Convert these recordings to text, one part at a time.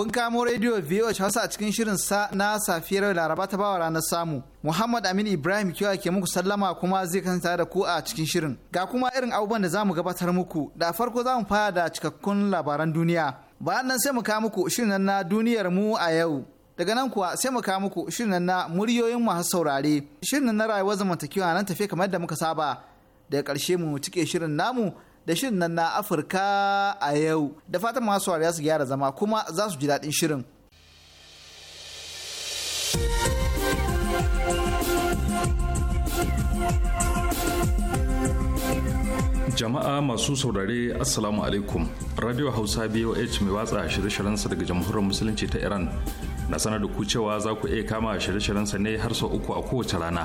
kun kamo rediyo VOH Hausa a cikin shirin sa na safiyar Laraba ta bawa ranar samu. Muhammad Amin Ibrahim kiwa ke muku sallama kuma zai kasance da ku a cikin shirin. Ga kuma irin abubuwan da za mu gabatar muku. Da farko za mu fara da cikakkun labaran duniya. Bayan nan sai mu kawo muku shirin na duniyar mu a yau. Daga nan kuwa sai mu kawo muku shirin na muryoyin masu saurare. Shirin na rayuwar zamantakewa nan tafi kamar da muka saba. Daga ƙarshe mu cike shirin namu da shirin nan na Afirka a yau. Da fatan masu wariya su gyara zama kuma za su ji daɗin shirin. Jama'a masu saurare Assalamu alaikum. Radio Hausa BOH mai watsa shirye sa daga Jamhuriyar Musulunci ta Iran na sanar da ku cewa za ku iya kama shirye sa ne har sau uku a kowace rana.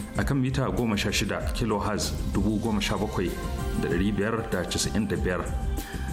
a kan mita 16 kHz 17,595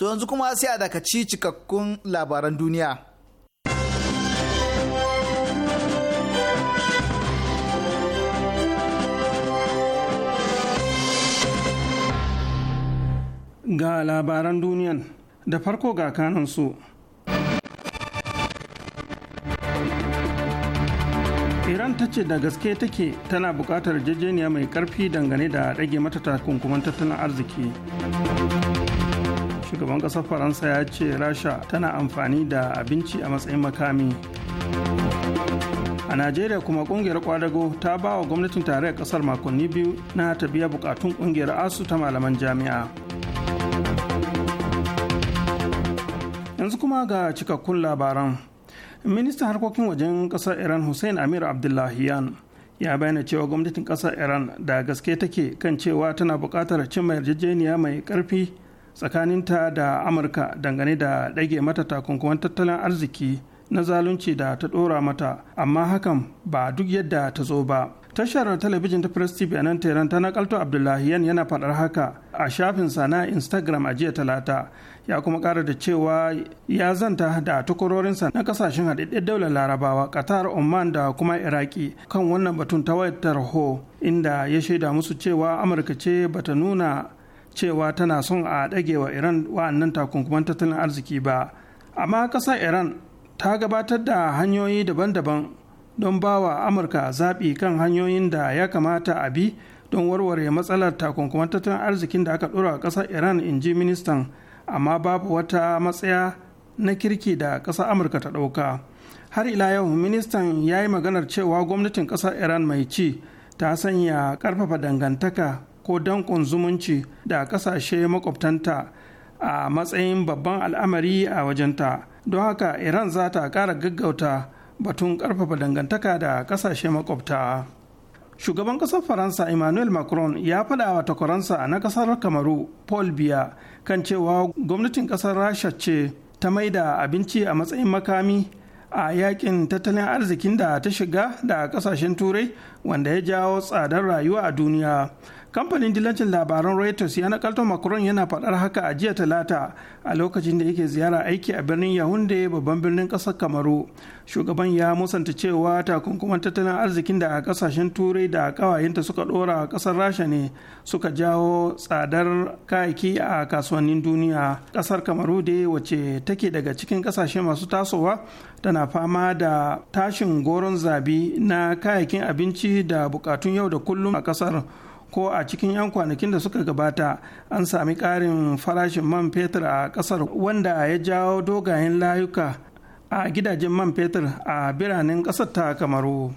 To yanzu kuma sai a dakaci cikakkun labaran duniya. Ga labaran duniyan da farko ga kanansu. iran ta ce da gaske take tana bukatar jejeniya mai ƙarfi dangane da rage mata takunkuman tattalin arziki shugaban kasar faransa ya ce rasha tana amfani da abinci a matsayin makami a najeriya kuma kungiyar kwadago ta ba wa gwamnatin tarayyar kasar makonni biyu na ta biya bukatun kungiyar asu ta malaman jami'a yanzu kuma ga cikakkun labaran ministan harkokin wajen kasar iran hussein amir abdullahiyan ya bayyana cewa gwamnatin kasar iran da gaske take kan cewa tana bukatar cimma yarjejeniya mai karfi. tsakaninta da amurka dangane da ɗage mata takunkuman tattalin arziki na zalunci da ta ɗora mata amma hakan ba duk yadda ta zo ba tashar talabijin ta press tv a nan teran ta nakalto abdullahiyan yana faɗar haka a shafinsa na instagram a jiya talata ya kuma ƙara da cewa ya zanta da takwarorinsa na kasashen haɗaɗɗen daular larabawa qatar oman da kuma iraki kan wannan batun ta wayar tarho inda ya shaida musu cewa amurka ce bata nuna cewa tana son a ɗage wa iran wa'annan takunkuman tattalin arziki ba amma ƙasar iran ta gabatar da hanyoyi daban-daban don ba wa amurka zaɓi kan hanyoyin da ya kamata a bi don warware matsalar takunkuman tattalin arzikin da aka ɗora a ƙasar iran in ji ministan amma babu wata matsaya na kirki da ƙasar amurka ta ɗauka har ila yau ministan ya yi maganar cewa gwamnatin ƙasar iran mai ci ta sanya ƙarfafa dangantaka ko dankon zumunci da kasashe makwabtanta a matsayin babban al'amari a wajenta don haka iran za ta ƙara gaggauta batun ƙarfafa dangantaka da kasashe makwabta shugaban kasar faransa emmanuel macron ya faɗa wa takwaransa na ƙasar kamaru paul biya kan cewa gwamnatin ƙasar rasha ce ta maida abinci a matsayin makami a yakin tattalin arzikin da ta shiga da kasashen turai wanda ya jawo tsadar rayuwa a duniya kamfanin dilancin labaran reuters ya nakalto macron yana faɗar haka a jiya talata a lokacin da yake ziyara aiki a birnin yahunde babban birnin ƙasar kamaru shugaban ya musanta cewa takunkuman tattalin arzikin da a ƙasashen turai da ƙawayenta suka ɗora a ƙasar rasha ne suka jawo tsadar kayaki a kasuwannin duniya ƙasar kamaru dai wacce take daga cikin ƙasashe masu tasowa tana fama da tashin goron zabi na kayayyakin abinci da buƙatun yau da kullum a ƙasar ko a cikin 'yan kwanakin da suka gabata an sami ƙarin farashin man fetur a ƙasar wanda ya jawo dogayen layuka a gidajen man fetur a biranen ƙasar ta kamaru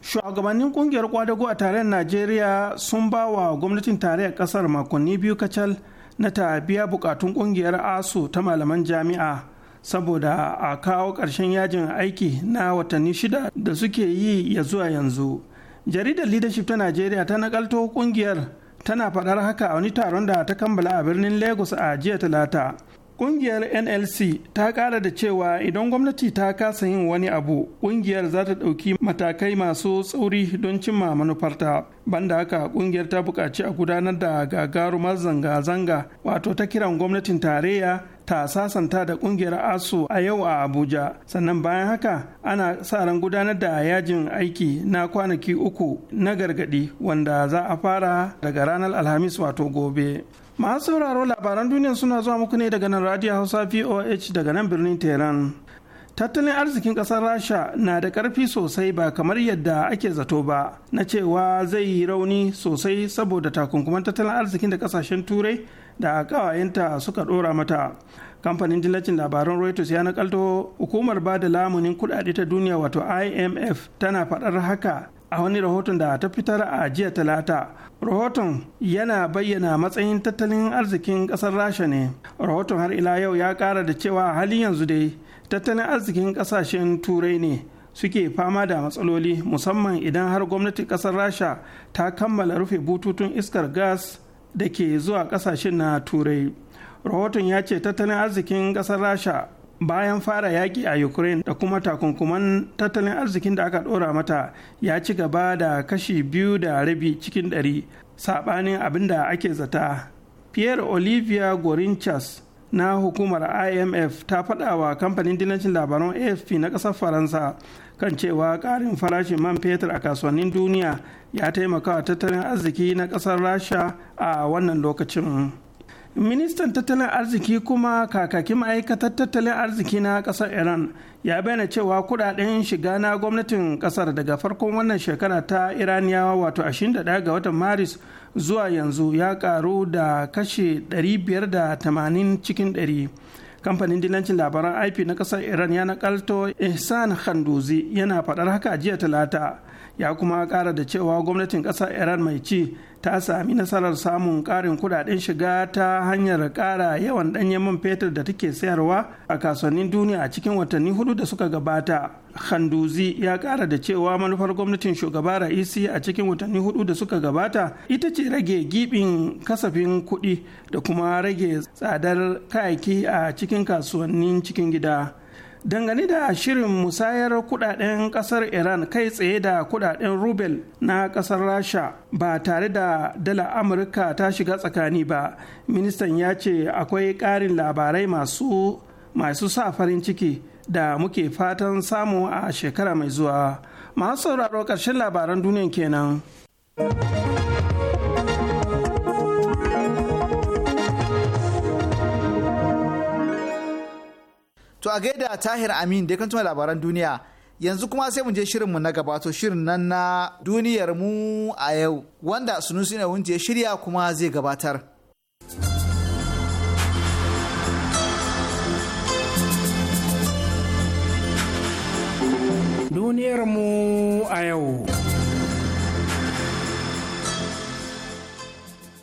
shugabannin kungiyar kwadago a tarayyar najeriya sun ba wa gwamnatin tarayyar ƙasar makonni biyu kacal na ta biya bukatun kungiyar asu ta malaman jami'a saboda a kawo ƙarshen yajin aiki na watanni shida da suke yi ya zuwa yanzu jaridar leadership ta najeriya ta nakalto kungiyar tana faɗar haka a wani taron da ta kammala a birnin lagos a jiya talata kungiyar nlc ta ƙara da cewa idan gwamnati ta kasa yin wani abu kungiyar za ta ɗauki matakai masu tsauri don cimma manufarta banda haka kungiyar ta buƙaci a gudanar da gagarumar zanga-zanga wato ta kiran gwamnatin tarayya ta sasanta da kungiyar asu a yau a abuja sannan bayan haka ana sa ran gudanar da yajin aiki na kwanaki uku na gargadi wanda za a fara daga ranar alhamis wato gobe masu sauraro labaran duniya suna zuwa muku ne daga nan radio hausa voh daga nan birnin tehran tattalin arzikin ƙasar rasha na da ƙarfi sosai ba kamar yadda ake zato ba na cewa zai yi rauni sosai saboda takunkuman tattalin arzikin da ƙasashen turai da ƙawayenta suka ɗora mata kamfanin dillacin labaran reuters ya nakalto hukumar ba da lamunin kudade ta duniya wato imf tana faɗar haka a wani rahoton da ta fitar a jiya talata rahoton yana bayyana matsayin tattalin arzikin ƙasar rasha ne rahoton har ila yau ya ƙara da cewa halin yanzu dai tattalin arzikin kasashen turai ne suke fama da matsaloli musamman idan har gwamnatin kasar rasha ta kammala rufe bututun iskar gas da ke zuwa kasashen na turai rahoton ya ce tattalin arzikin kasar rasha bayan fara yaƙi a ukraine da kuma takunkuman tattalin arzikin da aka ɗora mata ya ci gaba da kashi biyu da rabi cikin ɗari saɓanin abin da ake zata pierre olivia gorinchas na hukumar imf ta faɗa wa kamfanin dinancin labaran afp na ƙasar faransa kan cewa ƙarin farashin man fetur a kasuwannin duniya ya taimaka wa tattalin arziki na ƙasar rasha a wannan lokacin ministan tattalin arziki kuma kakakin ma'aikatar tattalin arziki na ƙasar iran ya bayyana cewa kudaden shiga na gwamnatin ƙasar daga farkon wannan shekara ta iraniyawa wato 21 ga watan maris zuwa yanzu ya karu da kashe 580 cikin 100 kamfanin dinancin labaran ip na kasar iran ya nakalto ihsan khanduzi yana faɗar haka jiya talata ya kuma kara da cewa gwamnatin ƙasar iran mai ci ta sami nasarar samun karin kudaden shiga ta hanyar kara yawan danyen man fetur da take sayarwa a kasuwannin duniya a cikin watanni hudu da suka gabata handuzi ya kara da cewa manufar gwamnatin shugaba ra'isi a cikin watanni hudu da suka gabata ita ce rage gibin kasafin kuɗi da kuma rage tsadar kayaki a cikin kasuwannin cikin gida dangane da shirin musayar kudaden kasar iran kai tsaye da kudaden rubel na kasar rasha ba tare da dala amurka ta shiga tsakani ba ministan ya ce akwai karin labarai masu masu sa farin ciki da muke fatan samu a shekara mai zuwa masu sauraro ƙarshen labaran duniya kenan. To a gaida Tahir Amin da kan labaran duniya yanzu kuma sai mu je shirin mu na gaba to shirin nan na duniyar mu a yau wanda Sunusi ne wunje shirya kuma zai gabatar. Duniyar mu a yau.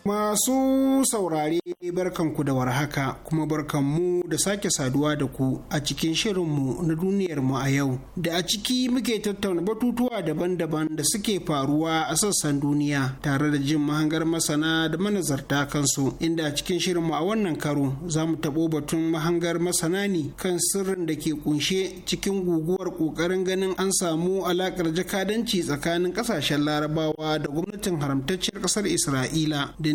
Masu saurare barkanku da warhaka kuma barkanmu da sake saduwa da ku a cikin shirinmu na duniyarmu a yau da a ciki muke tattauna batutuwa daban-daban da suke faruwa a sassan duniya tare da jin mahangar masana da manazarta kansu inda a cikin shirinmu a wannan karo za mu taɓo batun mahangar masana ne kan sirrin da ke kunshe cikin guguwar ƙoƙarin ganin an samu alaƙar jakadanci tsakanin ƙasashen larabawa da gwamnatin haramtacciyar ƙasar isra'ila da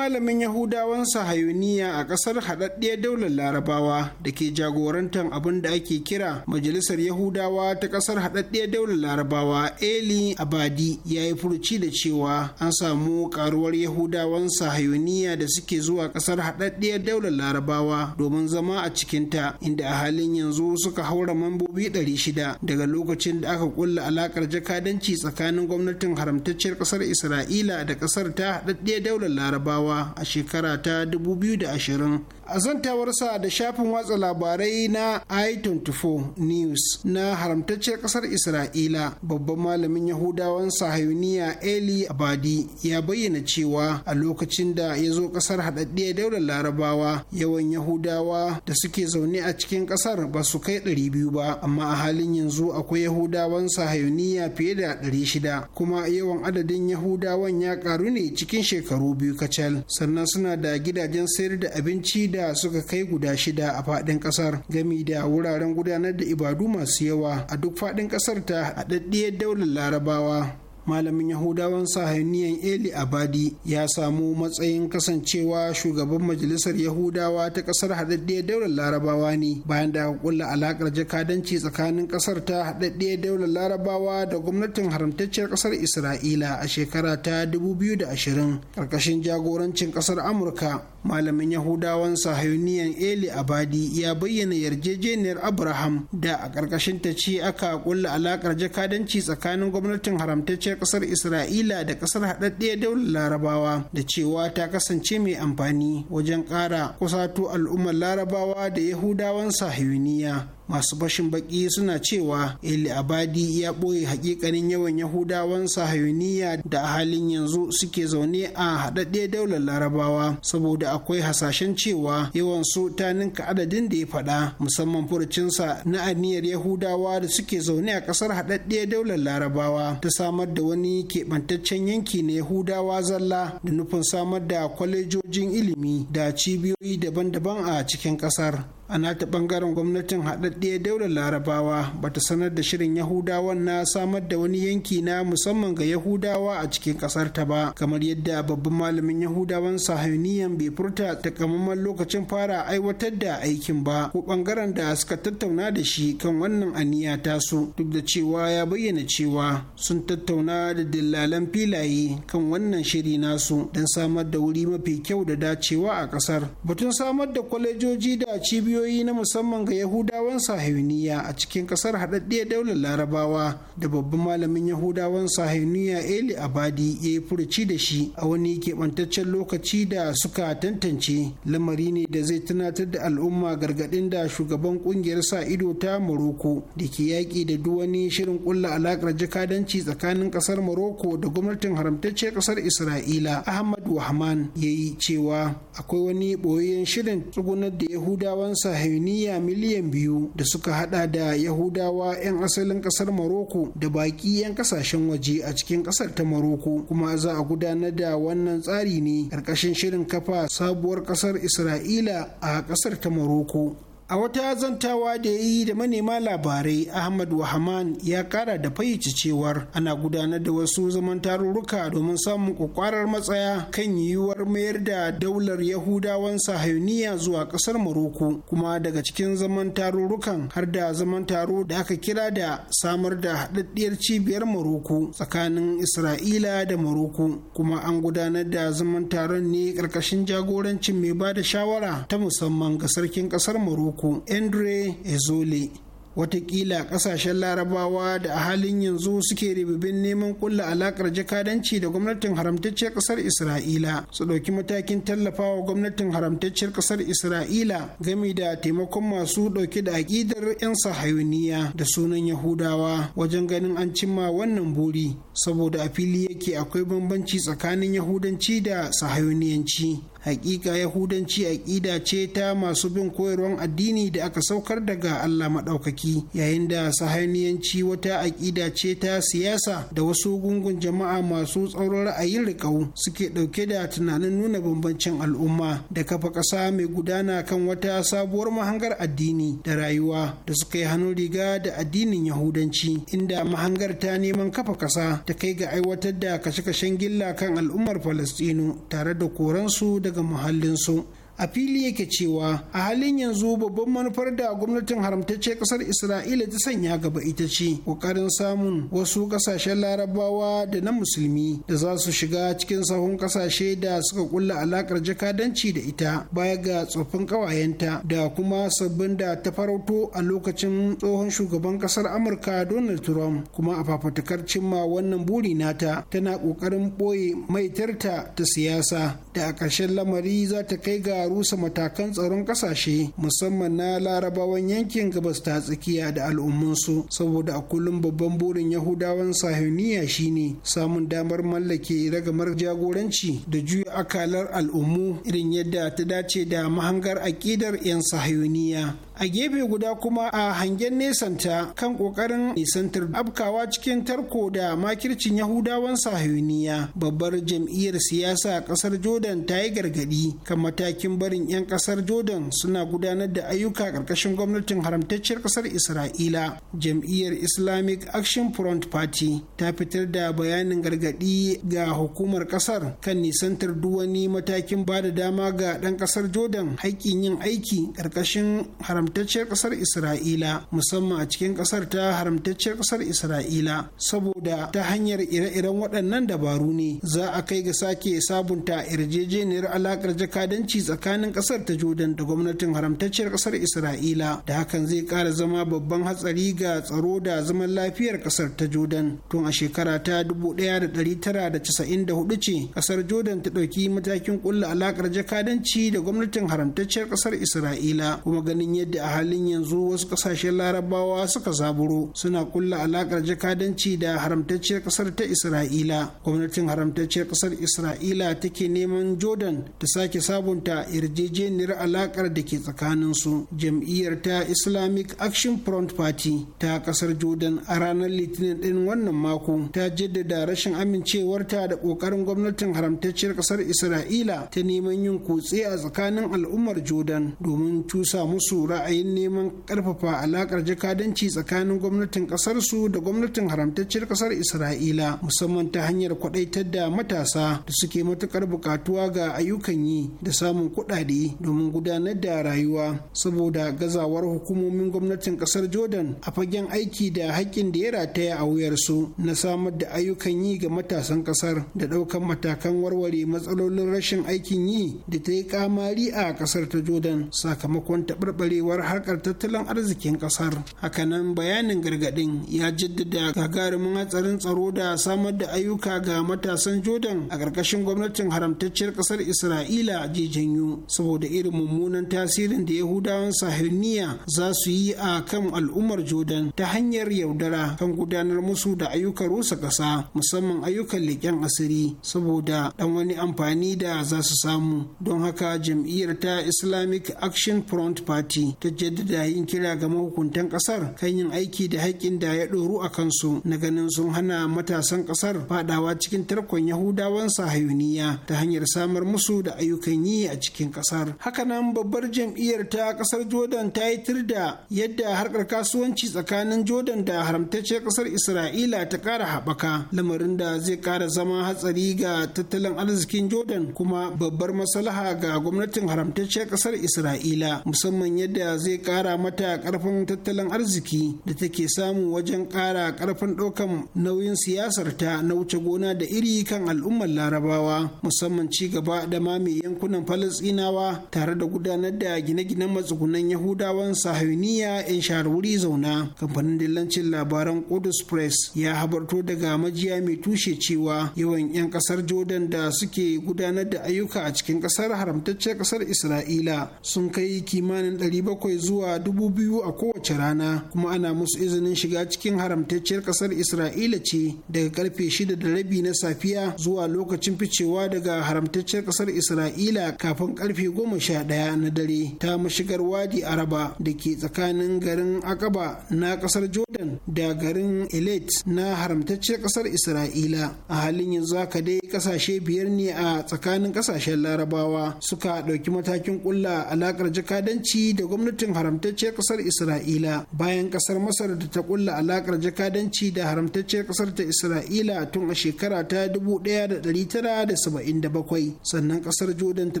malamin yahudawan sahayuniya a ƙasar haɗaɗɗiyar daular larabawa da ke jagorantar abin da ake kira majalisar yahudawa ta ƙasar haɗaɗɗiyar daular larabawa eli abadi ya yi furuci da cewa an samu ƙaruwar yahudawan sahayuniya da suke zuwa ƙasar haɗaɗɗiyar daular larabawa domin zama a cikinta inda a halin yanzu suka haura mambobi shida daga lokacin da aka kulla alaƙar jakadanci tsakanin gwamnatin haramtacciyar ƙasar isra'ila da ƙasar ta haɗaɗɗiyar daular larabawa rawa a shekara ta 2020 a zantawarsa da shafin watsa labarai na i24 news na haramtacciyar kasar isra'ila babban malamin yahudawan sahayuniya eli abadi ya bayyana cewa a lokacin da ya zo kasar haɗaɗɗiyar daular larabawa yawan yahudawa da suke zaune a cikin kasar ba su kai biyu ba amma a halin yanzu akwai yahudawan sahayuniya fiye da 600 kuma yawan adadin yahudawan ya karu ne cikin shekaru biyu kacal sannan suna da gidajen sayar da abinci da da suka kai guda shida a faɗin ƙasar gami da wuraren gudanar da ibadu masu yawa a duk faɗin ƙasar ta a daddiyar daular larabawa malamin yahudawan sahaniyan eli abadi ya samu matsayin kasancewa shugaban majalisar yahudawa ta kasar haɗaɗɗiyar daular larabawa ne bayan da aka kulla alakar jakadanci tsakanin kasar ta haɗaɗɗiyar daular larabawa da gwamnatin haramtacciyar kasar isra'ila a shekara ta 2020 ƙarƙashin jagorancin kasar amurka malamin yahudawan sahaniyan eli abadi ya bayyana yarjejeniyar abraham da a ƙarƙashin ta ce aka kulla alakar jakadanci tsakanin gwamnatin haramtacciyar haramtacciyar kasar isra'ila da kasar haɗaɗɗiyar daular larabawa da cewa ta kasance mai amfani wajen ƙara kusato al'ummar larabawa da yahudawan sahiyuniya masu bashin baki suna cewa eli abadi ya ɓoye hakikanin yawan yahudawan sahayuniya da a halin yanzu suke zaune a haɗaɗɗe daular larabawa saboda akwai hasashen cewa yawan su ta ninka adadin da ya faɗa musamman furucinsa na aniyar yahudawa da suke zaune a ƙasar haɗaɗɗe daular larabawa ta samar da wani keɓantaccen yanki na yahudawa zalla da nufin samar da kwalejojin ilimi da cibiyoyi daban-daban a cikin ƙasar a nata bangaren gwamnatin haɗaɗɗiyar daular larabawa ba ta sanar da shirin yahudawan na samar da wani yanki na musamman ga yahudawa a cikin ƙasar ta ba kamar yadda babban malamin yahudawan sahiniyan bai furta takamaiman lokacin fara aiwatar da aikin ba ko bangaren da suka tattauna da shi kan wannan aniya tasu duk da cewa ya bayyana cewa sun tattauna da dillalan filaye kan wannan shiri nasu don samar da wuri mafi kyau da dacewa a ƙasar batun samar da kwalejoji da cibiyoyi ƙungiyoyi na musamman ga yahudawan sahiyuniya a cikin ƙasar haɗaɗɗiyar daular larabawa da babban malamin yahudawan sahiyuniya eli abadi ya yi furuci da shi a wani keɓantaccen lokaci da suka tantance lamari ne da zai tunatar da al'umma gargaɗin da shugaban ƙungiyar sa ido ta morocco da ke yaƙi da duk wani shirin ƙulla alaƙar jakadanci tsakanin ƙasar morocco da gwamnatin haramtacciyar ƙasar isra'ila ahmad wahman ya yi cewa akwai wani ɓoyayyen shirin tsugunar da yahudawan sahayuniya miliyan biyu da suka hada da yahudawa 'yan asalin kasar maroko da baki 'yan kasashen waje a cikin kasar ta maroko kuma za a gudanar da wannan tsari ne karkashin shirin kafa sabuwar kasar isra'ila a kasar ta maroko A wata zantawa da ya yi da manema labarai Ahmad Wahaman ya kara da fayyace cewar ana gudanar da wasu zaman tarurruka domin samun kwakwarar matsaya kan yiwuwar mayar da daular Yahudawan Sahayuniya zuwa kasar Maroko kuma daga cikin zaman tarurrukan har da zaman taro da aka kira da samar da haɗaɗɗiyar cibiyar Maroko tsakanin Isra'ila da Maroko kuma an gudanar da zaman taron ne ƙarƙashin jagorancin mai ba da shawara ta musamman ga sarkin ƙasar Maroko farko andre ezole watakila kasashen larabawa da a halin yanzu suke ribibin neman kulla alakar jakadanci da gwamnatin haramtacciyar kasar isra'ila su ɗauki matakin tallafawa gwamnatin haramtacciyar kasar isra'ila gami da taimakon masu ɗauke da aƙidar 'yan sahayuniya da sunan yahudawa wajen ganin an cimma wannan buri saboda a fili yake akwai bambanci tsakanin yahudanci da sahayuniyanci hakika yahudanci aƙida ce ta masu bin koyarwar addini da aka saukar daga Allah maɗaukaki yayin da sahaniyanci wata aƙida ce ta siyasa da wasu gungun jama'a masu tsauron ra'ayin riƙau suke ɗauke da tunanin nuna bambancin al'umma da kafa ƙasa mai gudana kan wata sabuwar mahangar addini da rayuwa da suka yi hannun riga da addinin yahudanci inda mahangar ta neman kafa ƙasa ta kai ga aiwatar da kashe-kashen gilla kan al'ummar falastinu tare da koransu da daga muhallinsu a fili yake cewa a halin yanzu babban manufar da gwamnatin haramtacce kasar isra'ila ta sanya gaba ita ce kokarin samun wasu kasashen larabawa da na musulmi da za su shiga cikin sahun kasashe da suka kulla alakar jakadanci da ita baya ga tsoffin kawayenta da kuma sabbin da ta farauto a lokacin tsohon shugaban kasar amurka donald trump kuma a fafatakar cimma wannan buri nata tana kokarin boye maitarta ta siyasa da a ƙarshen lamari za ta kai ga rusa matakan tsaron ƙasashe musamman na larabawan yankin gabas ta tsakiya da al'ummansu saboda a kullum babban burin yahudawan sahiniya shine samun damar mallake ragamar jagoranci da juya akalar al'ummu irin yadda ta dace da mahangar aƙidar 'yan sahiniya a gefe guda kuma a hangen nesanta kan kokarin nisantar abkawa cikin tarko da makircin yahudawan sahiyuniya babbar jam'iyyar siyasa a kasar jordan ta yi gargadi kan matakin barin 'yan kasar jordan suna gudanar da ayyuka karkashin gwamnatin haramtacciyar kasar isra'ila jam'iyyar islamic action front party ta fitar da bayanin gargadi ga hukumar kasar kan nisantar wani matakin ba da dama ga ɗan kasar jordan haƙƙin yin aiki karkashin haramtacciyar haramtacciyar ƙasar isra'ila musamman a cikin ƙasar ta haramtacciyar ƙasar isra'ila saboda ta hanyar ire-iren waɗannan dabaru ne za a kai ga sake sabunta yarjejeniyar alaƙar jakadanci tsakanin ƙasar ta jordan da gwamnatin haramtacciyar ƙasar isra'ila da hakan zai ƙara zama babban hatsari ga tsaro da zaman lafiyar ƙasar ta jordan tun a shekara ta 1994 ce ƙasar jordan ta ɗauki matakin ƙulla alaƙar jakadanci da gwamnatin haramtacciyar ƙasar isra'ila kuma ganin yadda a halin yanzu wasu kasashen larabawa suka zaburo suna kulla alakar jakadanci da haramtacciyar kasar ta isra'ila gwamnatin haramtacciyar kasar isra'ila take neman jordan ta sake sabunta yarjejeniyar alakar da ke tsakanin su jam'iyyar ta islamic action front party ta kasar jordan a ranar litinin din wannan mako ta jaddada rashin amincewarta da kokarin gwamnatin haramtacciyar kasar isra'ila ta neman yin kutse a tsakanin al'ummar jordan domin cusa musu ra'ayi ra'ayin neman ƙarfafa alakar jakadanci tsakanin gwamnatin ƙasarsu da gwamnatin haramtacciyar ƙasar isra'ila musamman ta hanyar kwadaitar da matasa da suke matukar buƙatuwa ga ayyukan yi da samun kuɗaɗe domin gudanar da rayuwa saboda gazawar hukumomin gwamnatin ƙasar jordan a fagen aiki da haƙƙin da ya rataya a wuyar su na samar da ayyukan yi ga matasan ƙasar da ɗaukan matakan warware matsalolin rashin aikin yi da ta yi ƙamari a ƙasar ta jordan sakamakon taɓarɓarewar durkushewar harkar tattalin arzikin kasar hakanan bayanin gargadin ya jaddada gagarumin hatsarin tsaro da samar da ayyuka ga matasan jordan a ƙarƙashin gwamnatin haramtacciyar ƙasar isra'ila je janyo saboda irin mummunan tasirin da yahudawan sahirniya za su yi a kan al'ummar jordan ta hanyar yaudara kan gudanar musu da ayyukan rusa ƙasa musamman ayyukan leƙen asiri saboda ɗan wani amfani da za su samu don haka jam'iyyar ta islamic action front party ta jaddada yin kira ga mahukuntan kasar kan yin aiki da haƙƙin da ya ɗoru a kansu na ganin sun hana matasan kasar fadawa cikin tarkon yahudawan sahayuniya ta hanyar samar musu da ayyukan yi a cikin kasar nan, babbar jam'iyyar ta kasar jordan ta yi da yadda harkar kasuwanci tsakanin jordan da haramtacce kasar isra'ila ta ƙara haɓaka lamarin da zai ƙara zama hatsari ga tattalin arzikin jordan kuma babbar maslaha ga gwamnatin haramtacciyar kasar isra'ila musamman yadda zai kara mata karfin tattalin arziki da take samu wajen kara karfin ɗaukan nauyin siyasarta na wuce gona da iri kan al'ummar larabawa musamman ci gaba da mami yankunan falasinawa tare da gudanar da gine-ginen matsugunan yahudawan sahiniya 'yan shahararwuri zauna kamfanin dillancin labaran Kudus Press ya habarto daga majiya mai tushe cewa yawan 'yan kasar Jordan da suke gudanar da ayyuka a cikin kasar haramtaccen kasar Isra'ila sun kai kimanin 700 bakwai zuwa dubu biyu a kowace rana kuma ana musu izinin shiga cikin haramtacciyar ƙasar isra'ila ce daga karfe shida da rabi na safiya zuwa lokacin ficewa daga haramtacciyar ƙasar isra'ila kafin karfe goma sha daya na dare ta mashigar wadi araba da ke tsakanin garin akaba na ƙasar jordan da garin elet na haramtacciyar ƙasar isra'ila a halin yanzu haka dai ƙasashe biyar ne a tsakanin ƙasashen larabawa suka ɗauki matakin ƙulla alaƙar jakadanci da gwamnati gwamnatin haramtacce kasar isra'ila bayan kasar masar da ta kulla alakar jakadanci da haramtacce kasar ta isra'ila tun a shekara ta 1977 sannan kasar jordan ta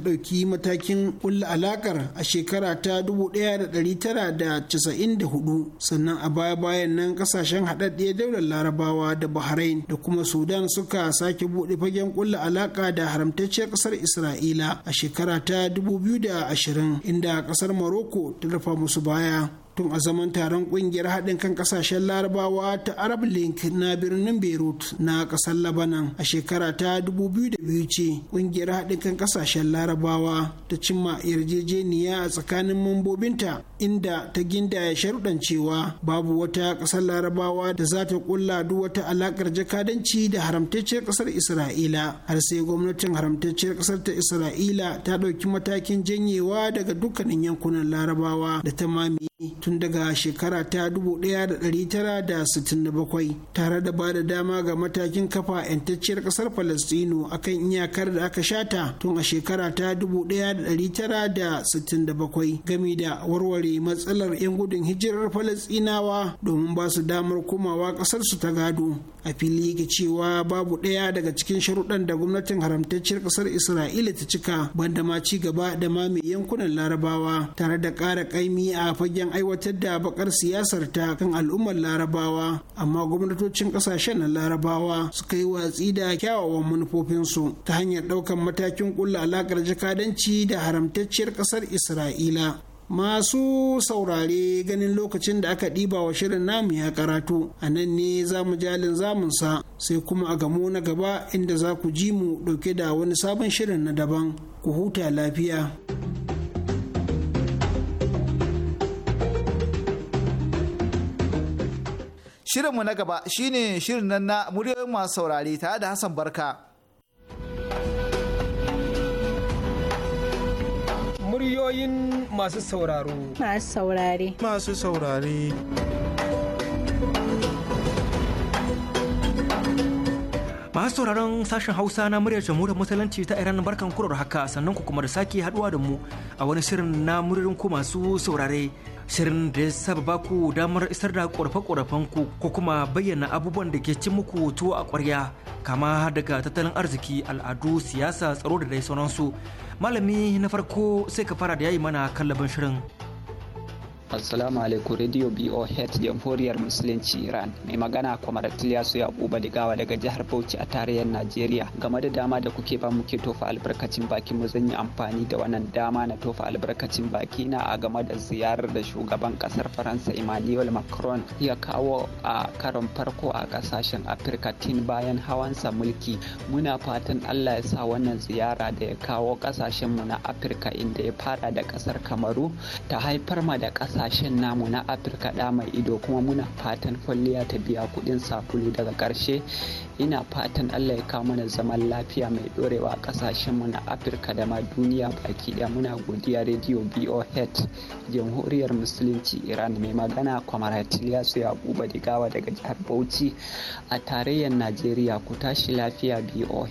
ɗauki matakin kulla alakar a shekara ta 1994 sannan a baya-bayan nan kasashen haɗaɗɗiyar daular larabawa da bahrain da kuma sudan suka sake buɗe fagen kulla alaka da haramtacciyar kasar isra'ila a shekara ta 2020 inda kasar maroko ta dafa musu baya tun a zaman taron kungiyar haɗin kan ƙasashen larabawa ta arab link na birnin beirut na ƙasar labanan a shekara ta 2002 ce kungiyar haɗin kan ƙasashen larabawa ta cimma yarjejeniya a tsakanin mambobinta inda ta gindaya sharuɗan cewa babu wata ƙasar larabawa da za ta ƙulla duk wata alaƙar jakadanci da haramtacciyar ƙasar isra'ila har sai gwamnatin haramtacciyar ƙasar ta isra'ila ta ɗauki matakin janyewa daga dukkanin yankunan larabawa da ta mami tun daga shekara ta 1967 tare da ba da dama ga matakin kafa 'yantacciyar kasar falastino akan iyakar da aka shata tun a shekara ta 1967 gami da warware matsalar 'yan gudun hijirar falastinawa domin ba su damar komawa kasarsu ta gado a fili yake cewa babu ɗaya daga cikin sharuɗan da gwamnatin haramtacciyar ƙasar isra'ila ta cika banda ma ci gaba da ma mai yankunan larabawa tare da ƙara ƙaimi a fagen aiwatar da bakar siyasar ta kan al'ummar larabawa amma gwamnatocin kasashen na larabawa suka yi watsi da kyawawan manufofinsu ta hanyar ɗaukar matakin kulla alakar jakadanci da haramtacciyar ƙasar isra'ila masu saurare ganin lokacin da aka ɗiba wa shirin namu ya karatu a nan ne za mu jalin zamunsa sai kuma a gamo na gaba inda za ku ji mu ɗauke da wani sabon shirin na daban ku huta lafiya. Shirinmu na gaba shine shirin nan na muryoyin masu saurare tare da Hassan Barka. Muryoyin masu sauraro. Masu saurare. Masu saurare. masu sauraron sashen hausa na muryar jamhuriyar musulunci ta iran barkan kurar haka sannan ku kuma da sake haduwa da mu a wani shirin na muryar ku masu saurare shirin da ya saba ba ku damar isar da korafe-korafen ku ko kuma bayyana abubuwan da ke cin muku tuwo a kwarya kama daga tattalin arziki al'adu siyasa tsaro da dai sauransu malami na farko sai ka fara da yayi mana kallabin shirin Assalamu alaikum Radio BOH Jamhuriyar Musulunci Iran. Mai magana Kwamar Tiliyasu Yakuba Digawa daga jihar Bauchi a tarayyar Najeriya. Game da dama da kuke ba muke tofa albarkacin baki mu zan yi amfani da wannan dama na tofa albarkacin baki na a game da ziyarar da shugaban kasar Faransa Emmanuel Macron ya kawo a karon farko a kasashen Afirka tin bayan hawansa mulki. Muna fatan Allah ya sa wannan ziyara da ya kawo kasashen mu na Afirka inda ya fara da kasar Kamaru ta haifar ma da kasar kasashen namu na afirka da mai ido kuma muna fatan kwalliya ta biya kudin sabulu daga karshe ina fatan allah ya kawo mana zaman lafiya mai dorewa kasashen mu na afirka da ma duniya baki daya muna godiya radio boh jamhuriyar musulunci iran mai magana kwamaratiliya su yakuba digawa daga jihar bauchi a tarayyar najeriya ku tashi lafiya boh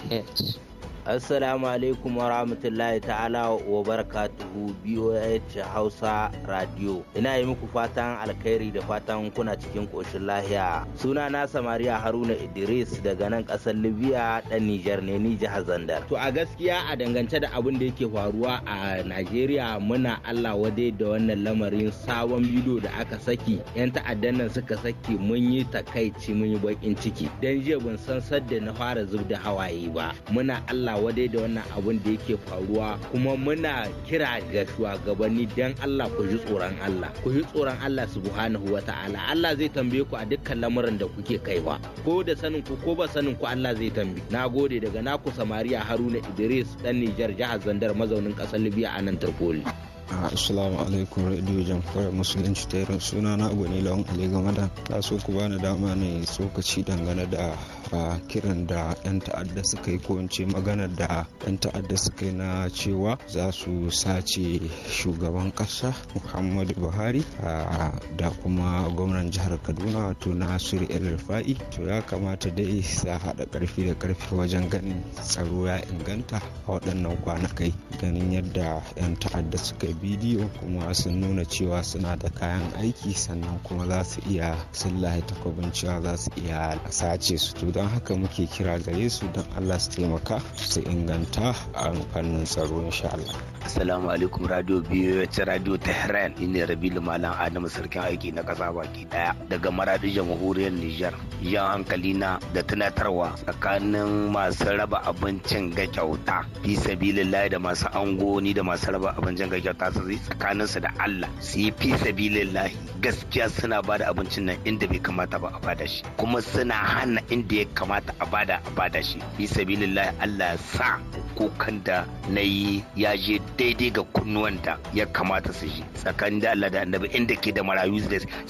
Assalamu alaikum wa rahmatullahi ta'ala wa barakatuhu BOH Hausa Radio. Ina yi muku fatan alkhairi da fatan kuna cikin koshin lahiya. Suna na samariya Haruna Idris daga nan ƙasar Libya ɗan Nijar ne ni jihar Zandar. To a gaskiya a dangance da abin da yake faruwa a Najeriya muna Allah wade da wannan lamarin sabon bidiyo da aka saki. 'Yan ta'addan nan suka saki mun yi takaici mun yi baƙin ciki. Dan jiya ban san sadda na fara zubda da hawaye ba. Muna Allah dai da wannan abun da yake faruwa kuma muna kira ga shugabanni dan Allah ku ji tsoron Allah ku ji tsoron Allah subhanahu wa ta'ala Allah zai tambaye ku a dukkan lamuran da kuke kaiwa ko da sanin ku ko ba sanin ku Allah zai tambaye gode daga naku Samariya Haruna Idris dan Nijar jihar Zandar mazaunin kasar Libya a nan Tripoli assalamu alaikum radio jamhuriyar musulunci ta yaran suna na gwani lawan ali game da ta so ku bani dama ne tsokaci dangane da kiran da yan ta'adda suka yi ko in maganar da yan ta'adda suka yi na cewa za su sace shugaban kasa muhammadu buhari da kuma gwamnan jihar kaduna wato nasiru el rufa'i to ya kamata dai sa haɗa ƙarfi da ƙarfi wajen ganin tsaro ya inganta a waɗannan kwanakai ganin yadda yan ta'adda suka yi bidiyo kuma sun nuna cewa suna da kayan aiki sannan kuma za su iya sun lahi takwabin cewa za su iya sace su to don haka muke kira gare su don allah su taimaka su inganta a fannin tsaro insha allah assalamu alaikum radio biyu ta radio tehran ina rabi malam adamu sarkin aiki na kasa baki daya daga maradi jamhuriyar nijar yan hankali na da tunatarwa tsakanin masu raba abincin ga kyauta fi sabilillahi da masu angoni da masu raba abincin ga kyauta tsakanin su da Allah su yi fi sabilillahi gaskiya suna bada abincin nan inda bai kamata ba a bada shi kuma suna hana inda ya kamata a bada a bada shi fi sabilillahi Allah ya sa kukan da na yi ya je daidai ga kunnuwan da ya kamata su ji tsakanin da Allah da annabi inda ke da marayu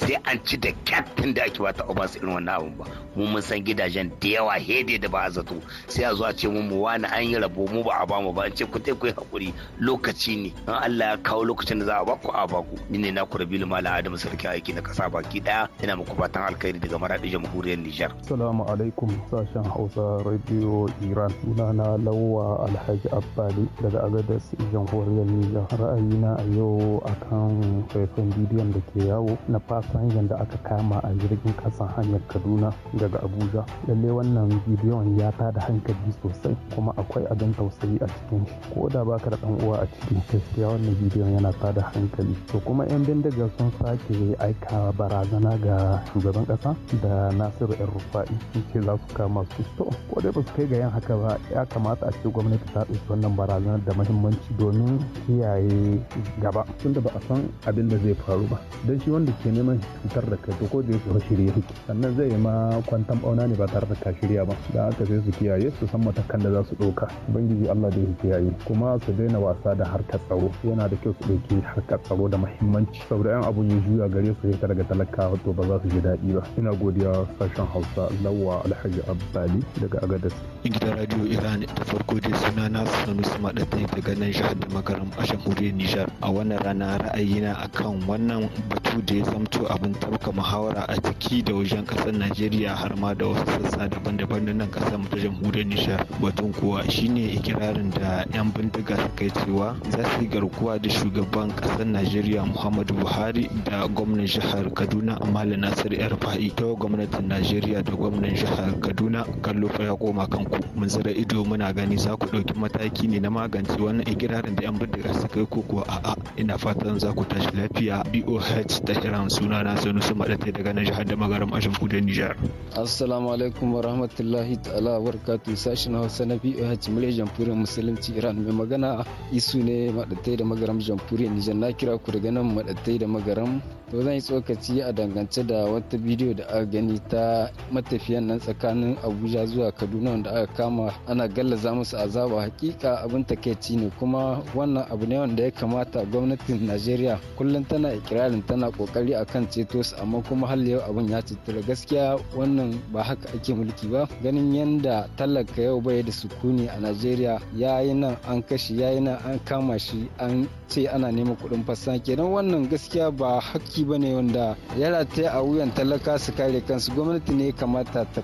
sai an ci da kyatin da ake wata ba su irin wannan abun ba mu mun san gidajen da yawa hede da ba a zato sai a zo a ce mu wani an yi rabo mu ba a bamu ba an ce ku ku yi hakuri lokaci ne in Allah ya kawo lokacin da za a baku a baku ni ne kura bilu mala Adamu sarki aiki na kasa baki daya ina muku fatan alkhairi daga Maradi Jamhuriyar Nijar Salamu alaikum sashen Hausa Radio Iran suna na lawa Alhaji Abbali daga Agadas Jamhuriyar Nijar ra'ayina a yau akan faifan bidiyon da ke yawo na fasanjan da aka kama a jirgin kasan hanyar Kaduna daga Abuja lalle wannan bidiyon ya ta da hankali sosai kuma akwai abin tausayi a cikin shi ko da baka da dan uwa a cikin gaskiya wannan bidiyon yana tada hankali to kuma 'yan bindiga sun sake aika barazana ga shugaban kasa da nasiru yan rufa'i sun ce za su kama su to ko dai ba su kai ga yan haka ba ya kamata a ce gwamnati ta ɗauki wannan barazana da mahimmanci domin kiyaye gaba tun da ba a san abin da zai faru ba don shi wanda ke neman cutar da kai to ko da yake shirye yake sannan zai yi ma kwantan bauna ne ba tare da ka shirya ba da haka sai su kiyaye su san matakan da za su ɗauka ubangiji allah da ya kiyaye kuma su daina wasa da harkar tsaro yana da kyau su ɗauki harkar tsaro da muhimmanci. saboda yan abun ya juya gare su ya daga talakawa to ba za su ji daɗi ba ina godiya sashen hausa lawa alhaji abbali daga agadas gidan radio iran da farko dai suna na sanu sanusi maɗatai daga nan jihar da makaram a jamhuriyar nijar a wannan rana ra'ayina akan wannan batu da ya zamto abin tabka muhawara a ciki da wajen ƙasar najeriya har ma da wasu sassa daban-daban na nan ƙasar ta jamhuriyar nijar batun kuwa shine ikirarin da yan bindiga suka yi cewa za su yi garkuwa da da shugaban kasar Najeriya Muhammadu Buhari da gwamnan jihar Kaduna Amala Nasir Erfa'i ta gwamnatin Najeriya da gwamnan jihar Kaduna kallo fa ya koma kanku mun zira ido muna gani za ku ɗauki mataki ne na magance wannan ikirarin da 'yan bindiga suka yi ko kuwa a'a ina fatan za ku tashi lafiya BOH ta kiran suna na sanu su maɗate daga nan jihar da magaram ashin kudin Nijar. Assalamu alaikum wa rahmatullahi ta'ala wa barakatuh sashen Hausa na BOH Muryar Jamhuriyar Musulunci Iran mai magana isu ne maɗate da magaram fm jamhuriyar nijar na kira ku daga nan madattai da magaram to zan yi tsokaci a dangance da wata bidiyo da aka gani ta matafiyan nan tsakanin abuja zuwa kaduna wanda aka kama ana gallaza musu azaba hakika abin takaici ne kuma wannan abu ne wanda ya kamata gwamnatin najeriya kullum tana ikirarin tana kokari akan ceto su amma kuma har yau abin ya cutura gaskiya wannan ba haka ake mulki ba ganin yanda talaka yau bai da sukuni a najeriya ya yi nan an kashe ya yi nan an kama shi an ce ana neman kuɗin fasaha kenan wannan gaskiya ba hakki ba ne wanda ya rataya a wuyan talaka su kare kansu gwamnati ne kamata ta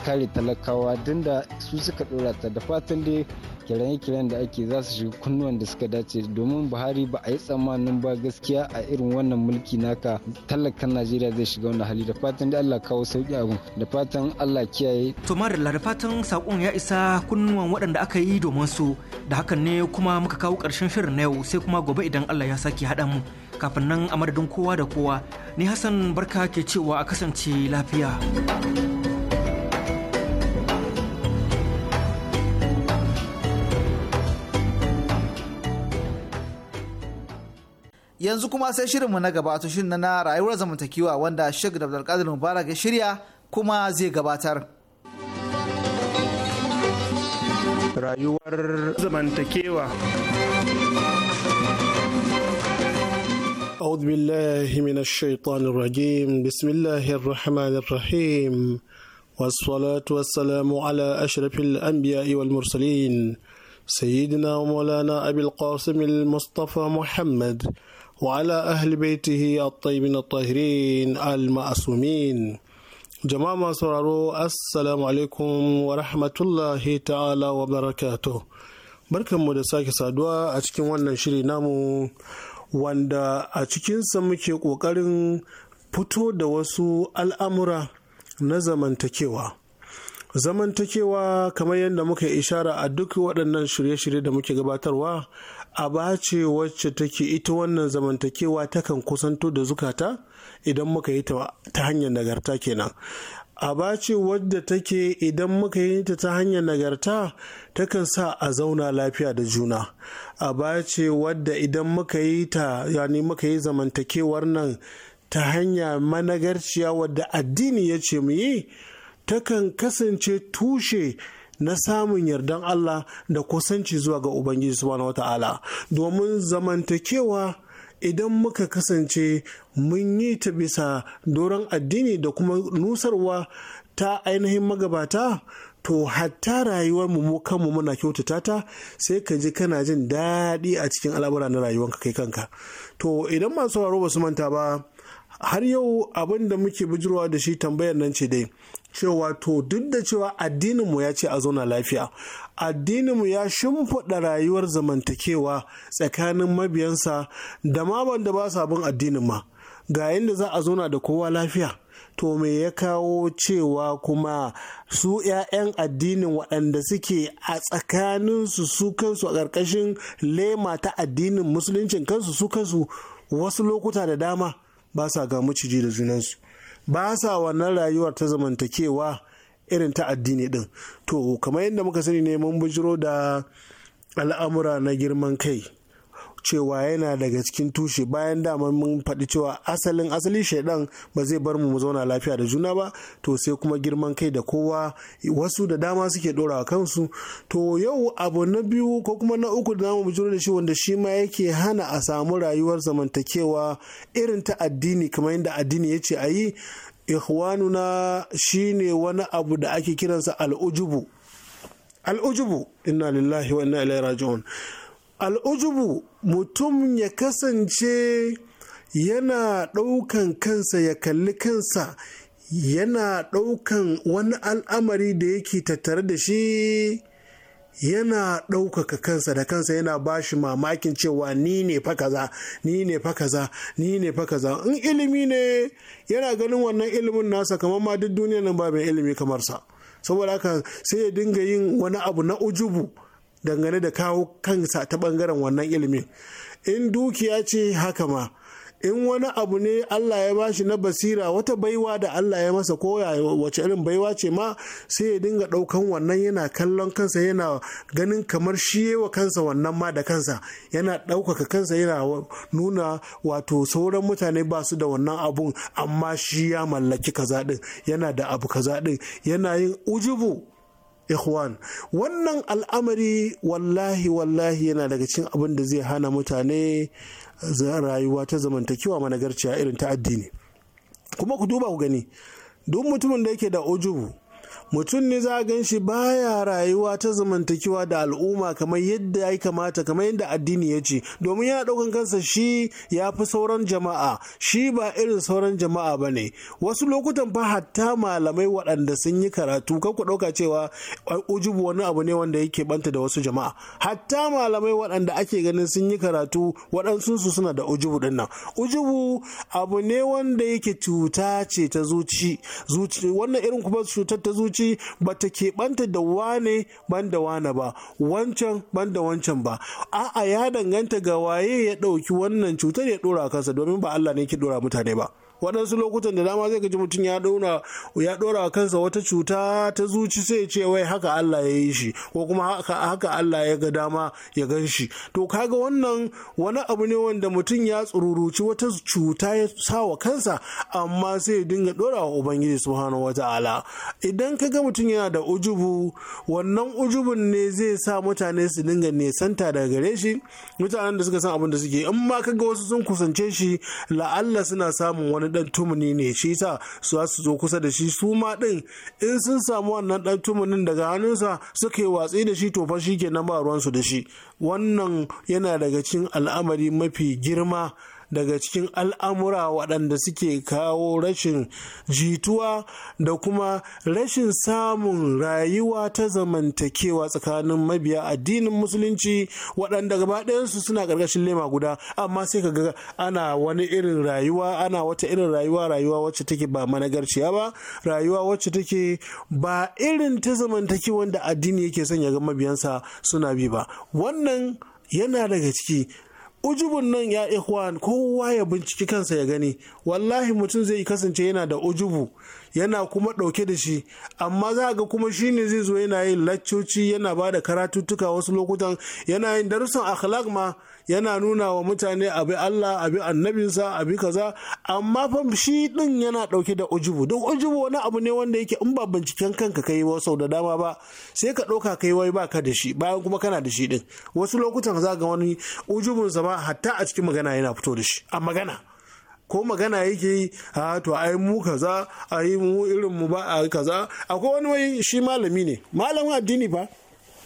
kare talakawa don da su suka dora ta da fatan dai kiran kiran da ake za su shiga kunnuwan da suka dace domin buhari ba a yi tsammanin ba gaskiya a irin wannan mulki naka talakan najeriya zai shiga wani hali da fatan dai allah kawo sauki abu da fatan allah kiyaye da fatan saƙon ya isa kunnuwan waɗanda aka yi domin su da hakan ne kuma muka kawo ƙarshen shirin na yau sai kuma gobe idan Allah ya sake haɗa mu kafin nan a madadin kowa da kowa ni Hassan barka ke cewa a kasance lafiya. Yanzu kuma sai shirin mu na gaba to shirin na rayuwar zamantakewa wanda Sheikh Abdulkadir Mubarak ya shirya kuma zai gabatar. rayuwar zamantakewa. أعوذ بالله من الشيطان الرجيم بسم الله الرحمن الرحيم والصلاة والسلام على أشرف الأنبياء والمرسلين سيدنا ومولانا أبي القاسم المصطفى محمد وعلى أهل بيته الطيبين الطاهرين المعصومين جماعة سرارو السلام عليكم ورحمة الله تعالى وبركاته بركة مدساك سادوا أتكي وانا شري نامو wanda a cikinsa muke ƙoƙarin fito da wasu al'amura na zamantakewa. Zamantakewa kamar yadda muka ishara a duk waɗannan shirye-shirye da muke gabatarwa aba ce wacce take ita wannan zamantakewa takan kusanto da zukata idan muka yi ta hanyar nagarta kenan aba ce wadda take idan muka yi ta ta hanyar nagarta takan sa a zauna lafiya da juna aba ce wadda idan muka yi ta yani muka yi zamantakewar nan ta hanya managarciya wadda addini ya ce mu yi takan kasance tushe na samun yardan Allah da kusanci zuwa ga Ubangiji subhanahu ta'ala domin zamantakewa idan muka kasance mun yi ta bisa doron addini da kuma nusarwa ta ainihin magabata to hatta rayuwar mu kanmu muna kyautata ta sai ka ji kana jin daɗi a cikin al'amura na rayuwanka kai kanka to idan masu sauraro ba su manta ba har yau abin da muke bijirwa da shi tambayar nan ce dai cewa to duk da cewa addininmu ya ce a zauna lafiya addininmu ya shimfiɗa rayuwar zamantakewa tsakanin mabiyansa da ma wanda ba sa bin addinin ma ga yadda za a zauna da kowa lafiya to me ya kawo cewa kuma su 'ya'yan addinin waɗanda suke a tsakaninsu su kansu a ƙarƙashin lema ta addinin musuluncin kansu su kansu wasu lokuta da dama ba sa ga maciji da junansu ba sa wannan rayuwar ta zamantakewa irin ta addini din to kamar yadda muka sani ne mun bujiro da al'amura na girman kai cewa yana daga cikin tushe bayan dama mun faɗi cewa asalin asali shaidan ba zai bar mu zauna lafiya da juna ba to sai kuma girman kai da kowa wasu da dama suke ɗorawa kansu to yau abu na biyu ko kuma na uku da zamu juna da shi wanda shi ma yake hana a samu rayuwar zamantakewa irin ta addini kamar yadda addini ya ce a yi ikhwanuna shine wani abu da ake kiransa al'ujubu al'ujubu inna lillahi wa inna ilaihi raji'un al'ujubu mutum ya kasance yana ɗaukan kansa ya kalli kansa yana ɗaukan wani al'amari da yake tattare da shi yana ɗaukaka kansa da kansa yana ba shi mamakin cewa ni ne fa kaza ni ne fa kaza ni ne fa kaza in ilimi ne yana ganin wannan ilimin nasa kamar ma duk duniyar nan ba mai ilimi kamar sa saboda haka sai ya dinga yin wani abu na ujubu dangane da kawo kansa ta bangaren wannan ilimin in dukiya ce haka ma in wani abu ne Allah ya bashi na basira wata baiwa da Allah ya masa koya wace irin baiwa ce ma sai ya dinga ɗaukan wannan yana kallon kansa yana ganin kamar shi wa kansa wannan ma da kansa yana ɗaukaka kansa yana nuna wato sauran mutane ba su da wannan abun amma shi ya mallaki kaza ɗin yana da abu kaza ɗin yana yin ujubu ikhwan wannan al'amari wallahi wallahi yana daga cin abin da zai hana mutane rayuwa ta zamantakewa managarciya irin ta addini kuma ku duba ku gani duk mutumin da yake da ujubu mutum ne za a gan shi baya rayuwa ta zamantakewa da al'umma kamar yadda ya kamata kamar yadda addini ya ce domin yana ɗaukan kansa shi ya fi sauran jama'a shi ba irin sauran jama'a ba ne wasu lokutan fa hatta malamai waɗanda sun yi karatu kan ku ɗauka cewa ujubu wani abu ne wanda yake banta da wasu jama'a hatta malamai waɗanda ake ganin sun yi karatu waɗansu su suna da ujubu ɗin nan ujubu abu ne wanda yake cuta ce ta zuci wannan irin kuma cutar ta zuci musulunci ba ta keɓanta da wane ban da wane ba wancan ban da wancan ba a'a ya danganta ga waye ya ɗauki wannan cutar ya ɗora kansa domin ba Allah ne ke ɗora mutane ba waɗansu lokutan da dama zai gaji mutum ya ɗora ya ɗora kansa wata cuta ta zuci sai ce wai haka Allah ya yi shi ko kuma haka Allah ya ga dama ya gan shi to kaga wannan wani abu ne wanda mutum ya tsururuci wata cuta ya sa wa kansa amma sai ya dinga ɗora wa ubangiji subhanahu wata'ala idan ka ga mutum yana da ujubu wannan ujubun ne zai sa mutane su dinga nesanta daga gare shi mutanen da suka san abin da suke in ma ka ga wasu sun kusance shi la'alla suna samun wani wani dan tumuni ne shi sa su su zo kusa da shi su ma din in sun samu wannan dan tumunin daga hannunsa suke watsi da shi to fa shi kenan ba ruwansu da shi wannan yana daga cikin al'amari mafi girma daga cikin al'amura waɗanda suke kawo rashin jituwa da kuma rashin samun rayuwa ta zamantakewa tsakanin mabiya addinin musulunci waɗanda gaba ɗayansu suna ƙarƙashin lema guda amma sai ka ga ana wani irin rayuwa ana wata irin rayuwa rayuwa wacce take ba managarciya ba rayuwa wacce take ba irin ta zamantakewa da addini yake son ya ga mabiyansa suna bi ba wannan yana daga ciki ujubun nan ya ikhwan kowa ya binciki kansa ya gani wallahi mutum zai kasance yana da ujubu yana kuma ɗauke da shi amma za ga kuma shi ne zai zo yana yin laccoci yana ba da karatuttuka wasu lokutan yana yin darussan akhlaq ma yana nuna wa mutane abi Allah abi annabinsa abi kaza amma fa shi din yana dauke da ujubu don ujubu wani abu ne wanda yake in ba binciken kanka kai wa sau da dama ba sai ka dauka kai wai baka da shi bayan kuma kana da shi din wasu lokutan za ga wani ujubun sa ma hatta a cikin magana yana fito da shi a magana ko magana yake yi a to ai mu kaza ai mu irin mu ba a kaza akwai wani wai shi malami ne malamin addini ba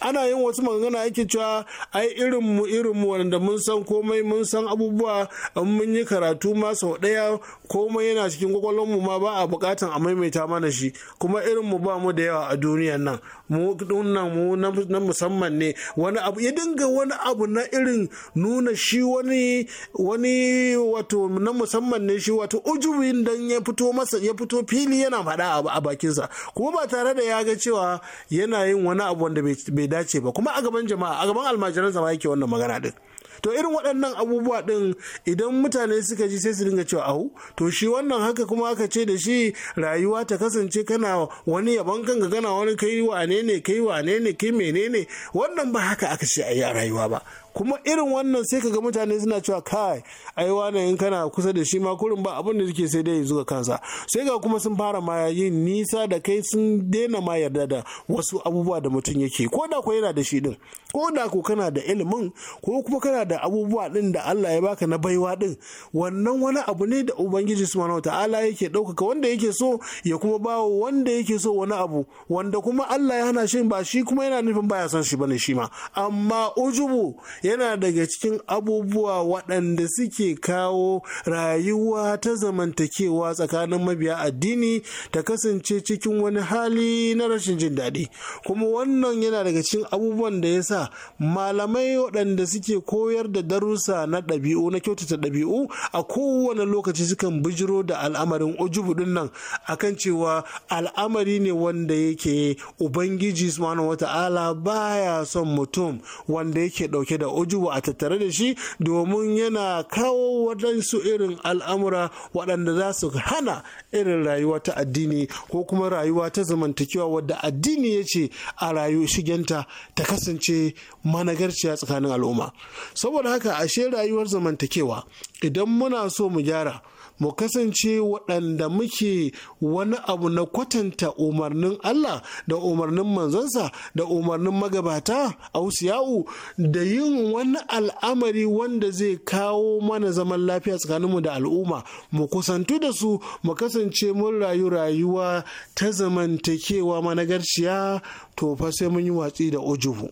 ana yin wasu magana yake cewa ai irin mu irin mu wanda mun san komai mun san abubuwa in mun yi karatu ma sau daya komai yana cikin kwakwalwar mu ma ba a bukatan a maimaita mana shi kuma irin mu ba mu da yawa a duniyan nan mu dunnan mu na musamman ne wani abu ya dinga wani abu na irin nuna shi wani wani wato na musamman ne shi wato ujubin dan ya fito masa ya fito fili yana faɗa a bakinsa kuma ba tare da ya ga cewa yana yin wani abu wanda bai dace ba kuma a gaban jama'a a gaban almajiran zama yake wannan magana din to irin waɗannan abubuwa ɗin idan mutane suka ji sai su dinga cewa ahu to shi wannan haka kuma aka ce da shi rayuwa ta kasance kana wani yaban kanka kana wani kai wane ne kai wane ne kai menene wannan ba haka aka ce a yi a rayuwa ba kuma irin wannan sai kaga mutane suna cewa kai ai wane in kana kusa da shi ma kurin ba abin da yake sai dai yanzu ga kansa sai ga kuma sun fara ma yin nisa da kai sun daina ma yarda da wasu abubuwa da mutum yake ko da ko yana da shi din ko da ko kana da ilimin ko kuma kana da abubuwa din da Allah ya baka na baiwa din wannan wani abu ne da ubangiji subhanahu ta'ala yake ɗaukaka wanda yake so ya kuma ba wanda yake so wani abu wanda kuma Allah ya hana shi ba shi kuma yana nufin baya son shi bane shi ma amma ujubu yana daga cikin abubuwa waɗanda suke kawo rayuwa ta zamantakewa tsakanin mabiya addini ta kasance cikin wani hali na rashin jin daɗi kuma wannan yana daga cikin abubuwan da ya sa malamai waɗanda suke koyar da darussa na ɗabi'u na kyautata ɗabi'u a kowane lokaci sukan bijiro da al'amarin ujubu nan nan akan cewa al'amari ne wanda yake ubangiji subhanahu wata'ala baya son mutum wanda yake ɗauke da ujuba a tattare da shi domin yana kawo waɗansu irin al'amura waɗanda za su hana irin rayuwa ta addini ko kuma rayuwa ta zamantakewa wadda addini ya ce a rayu shigenta ta kasance managarciya tsakanin al'umma saboda haka ashe rayuwar zamantakewa idan muna so mu gyara mu kasance waɗanda muke wani abu na kwatanta umarnin Allah da umarnin manzansa da umarnin magabata ausiya'u da yin wani al'amari wanda zai kawo mana zaman lafiya tsakaninmu da al'umma mu kusantu da su mu kasance mun rayu rayuwa ta zamantakewa managarciya to fa sai mun yi watsi da ujubu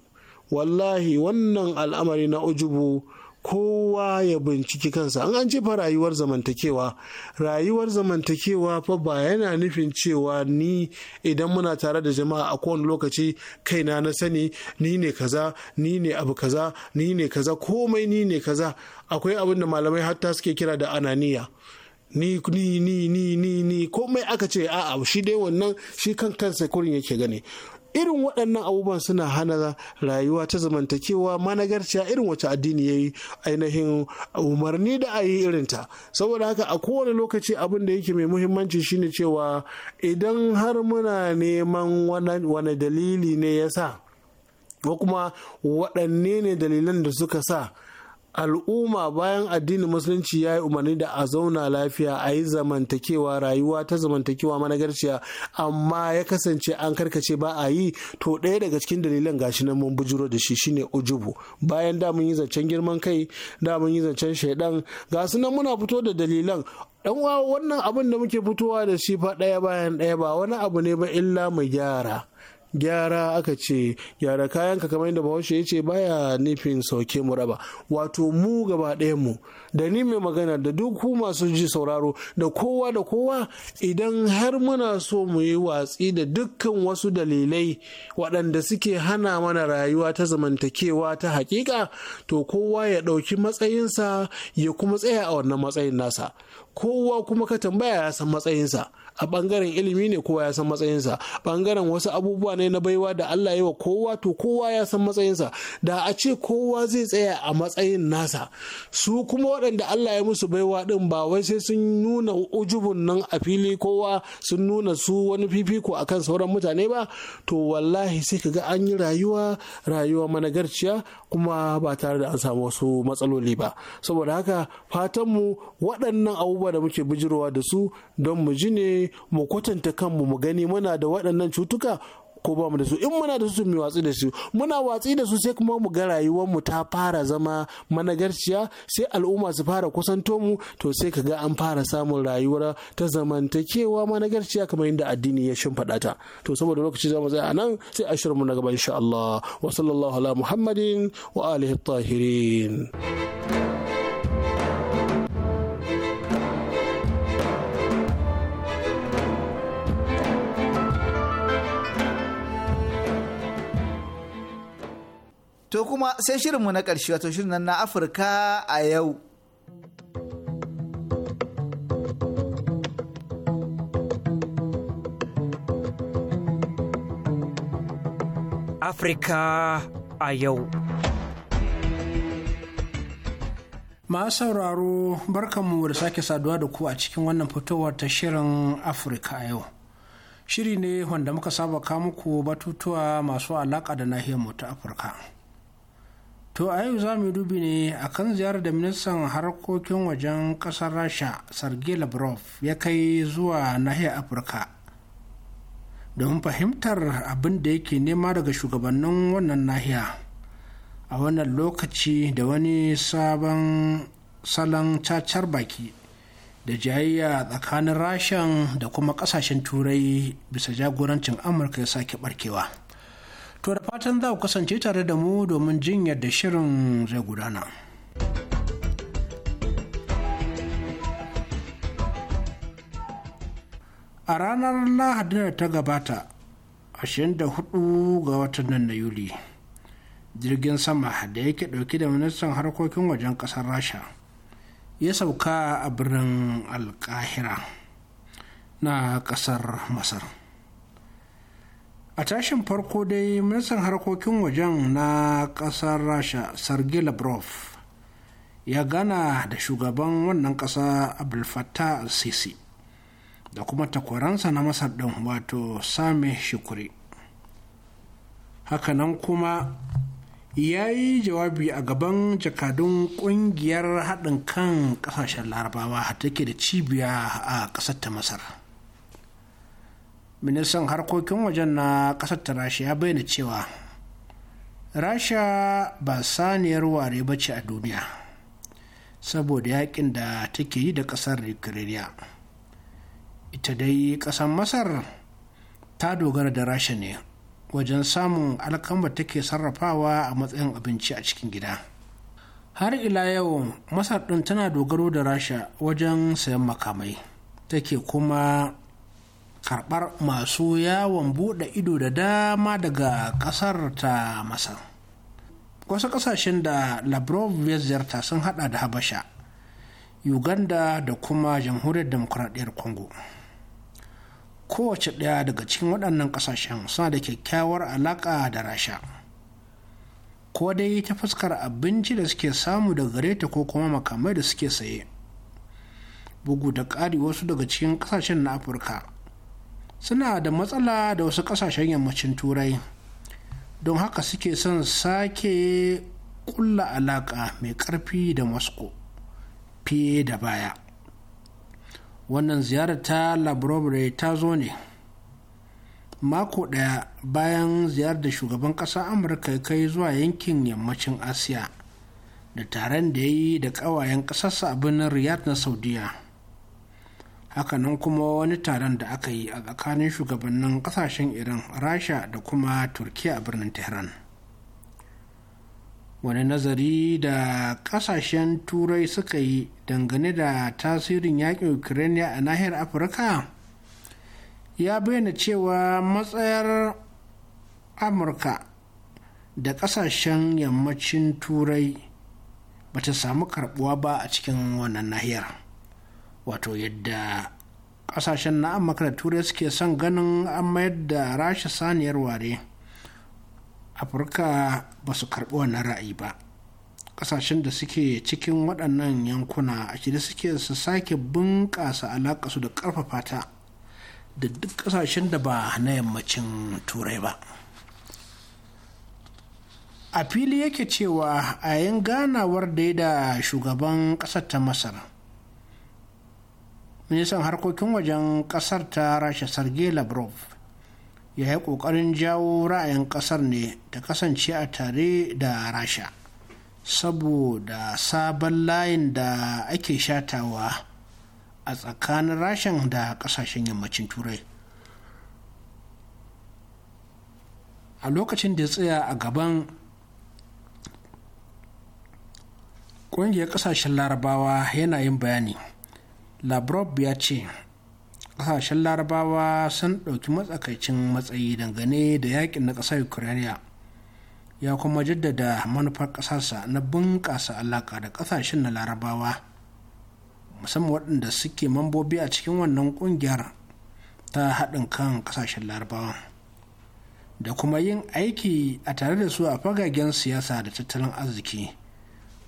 wallahi wannan al'amari na ujubu kowa ya binciki kansa an an jefa rayuwar zamantakewa rayuwar zamantakewa fa ba yana nufin cewa ni idan muna tare da jama'a a kowane lokaci kaina na sani ni ne kaza ni ne abu kaza ni ne kaza komai ni ne kaza akwai abin da malamai hatta suke kira da ananiya ni ni ni ni ni komai aka ce a'a shi dai wannan shi kan kansa kurin yake gane irin waɗannan abubuwan suna hana rayuwa ta zamantakewa managarciya irin wacce addini ya yi ainihin umarni da a yi irinta saboda haka a kowane lokaci abin da yake mai muhimmanci shine cewa idan har muna neman wani dalili ne ya sa ko kuma waɗanne ne dalilan da suka sa al'umma bayan addinin musulunci ya yi umarni da a zauna lafiya a yi zamantakewa rayuwa ta zamantakewa managarciya amma ya kasance an karkace ba a yi to ɗaya daga cikin dalilan gashi nan mun bujuro da shi shine ujubu bayan da mun yi zancen girman kai da mun yi zancen shaidan ga nan muna fito da dalilan dan wannan abin da muke fitowa da shi fa ɗaya bayan ɗaya ba wani abu ne ba illa mu gyara gyara aka ce gyara kayanka kamar yadda bahaushe ya ce baya nufin sauke mu raba wato mu gaba ɗayan mu da ni mai magana da duk ku masu ji sauraro da kowa da kowa idan har muna so mu yi watsi da dukkan wasu dalilai waɗanda suke hana mana rayuwa ta zamantakewa ta hakika to kowa ya ɗauki matsayinsa ya kuma tsaya a wannan matsayin nasa kowa kuma ka tambaya ya san matsayinsa a bangaren ilimi ne kowa ya san matsayinsa bangaren wasu abubuwa ne na baiwa da Allah yi wa kowa to kowa ya san matsayinsa da a ce kowa zai tsaya a matsayin nasa su kuma waɗanda Allah ya musu baiwa din ba wai sai sun nuna ujubun nan a fili kowa sun nuna su wani fifiko akan sauran mutane ba to wallahi sai ka ga an yi rayuwa rayuwa managarciya kuma ba tare da an samu wasu matsaloli ba saboda haka fatanmu waɗannan abubuwa da muke bijirowa da su don mu ji ne mu kwatanta kanmu mu gani muna da waɗannan cutuka ko ba mu da su in muna da su mu watsi da su muna watsi da su sai kuma mu ga rayuwar mu ta fara zama managarciya sai al'umma su fara kusanto mu to sai ka ga an fara samun rayuwar ta zamantakewa managarciya kamar yadda addini ya shimfiɗa ta to saboda lokaci zamu tsaya nan sai a mu na gaba insha Allah wa sallallahu ala muhammadin wa alihi tahirin To kuma sai shirinmu na ƙarshe wato shirin na Afirka a yau. Afirka a yau. Ma sauraro barkanmu da sake saduwa da ku a cikin wannan fitowar ta shirin Afirka a yau. Shiri ne wanda muka saba kamuku batutuwa masu alaƙa da nahiyar mu ta Afirka. To a yau za mu dubi ne a kan ziyarar da ministan harkokin wajen ƙasar Rasha Sergei Lavrov ya kai zuwa nahiyar Afirka. Domin fahimtar abin da yake nema daga shugabannin wannan nahiya a wannan lokaci da wani sabon salon cacar baki da jayayya tsakanin rashan da kuma kasashen turai bisa jagorancin amurka ya sake barkewa. To da fatan za ku kasance tare da mu domin jin yadda shirin zai gudana. A ranar Lahadin da ta gabata, 24 ga watan nan na Yuli, jirgin sama da yake dauke da ministan harkokin wajen kasar Rasha ya sauka a birnin Alkahira na kasar Masar. a tashin farko dai ministan harkokin wajen na kasar rasha sergei lavrov ya gana da shugaban wannan kasa abulfata sisi da kuma takwaransa na masar ɗin wato sami shikuri hakanan kuma ya yi jawabi a gaban jakadun kungiyar haɗin kan ƙasashen larabawa take da cibiya a ƙasar ta masar ministan harkokin wajen na ƙasar ta rasha ya bayyana cewa rasha ba saniyar ware ba ce a duniya saboda yakin da take yi da ƙasar ukraine ita dai ƙasar masar ta dogara da rasha ne wajen samun alkama take sarrafawa a matsayin abinci a cikin gida har ila yau masar ɗin tana dogaro da rasha wajen sayan makamai take kuma karɓar masu yawon bude ido da dama daga ƙasar ta masar wasu ƙasashen da labrov ya ziyarta sun hada da habasha uganda da kuma jamhuriyar demokuraɗiyar congo kowace ɗaya daga cikin waɗannan ƙasashen suna da kyakkyawar alaƙa da rasha ko dai ta fuskar abinci da suke samu daga gare ta ko kuma makamai da suke saye bugu da ƙari wasu daga cikin ƙasashen na afirka suna da matsala da wasu kasashen yammacin turai don haka suke son sake kulla alaka mai karfi da moscow fiye da baya wannan ziyarar ta labrobre ta zo ne mako daya bayan ziyarar da shugaban ƙasa amurka ya kai zuwa yankin yammacin asiya da taron da ya yi da ƙawayen ƙasarsa a birnin riyadh na saudiya hakanan kuma wani taron da aka yi a tsakanin shugabannin kasashen iran rasha da kuma turkiya a birnin tehran wani nazari da kasashen turai suka yi dangane da tasirin yakin ukraine a nahiyar afirka ya bayyana cewa matsayar amurka da kasashen yammacin turai bata samu karbuwa ba a cikin wannan nahiyar wato yadda kasashen na amurka da turai suke son ganin an mayar da rasha saniyar ware afirka ba su karɓi wannan ra'ayi ba kasashen da suke cikin waɗannan yankuna a shirye suke su sake bunƙasa alaƙa su da ƙarfafa ta da duk kasashen da ba na yammacin turai ba a fili yake cewa a yin ganawar da da shugaban ƙasar ta masar ministan harkokin wajen kasar ta rasha sergei lavrov ya yi kokarin jawo ra'ayin kasar ne ta kasance a tare da rasha saboda sabon layin da ake shatawa a tsakanin rashin da kasashen yammacin turai a lokacin da ya tsaya a gaban ƙungiyar ƙasashen larabawa yana yin bayani lavrov ya ce kasashen larabawa sun ɗauki matsakaicin matsayi dangane da yakin na ƙasar ukraine ya kuma jaddada manufar ƙasarsa na bunƙasa alaƙa da ƙasashen na larabawa musamman waɗanda suke mambobi a cikin wannan ƙungiyar ta haɗin kan ƙasashen larabawa da kuma yin aiki a tare da su a fagagen siyasa da tattalin arziki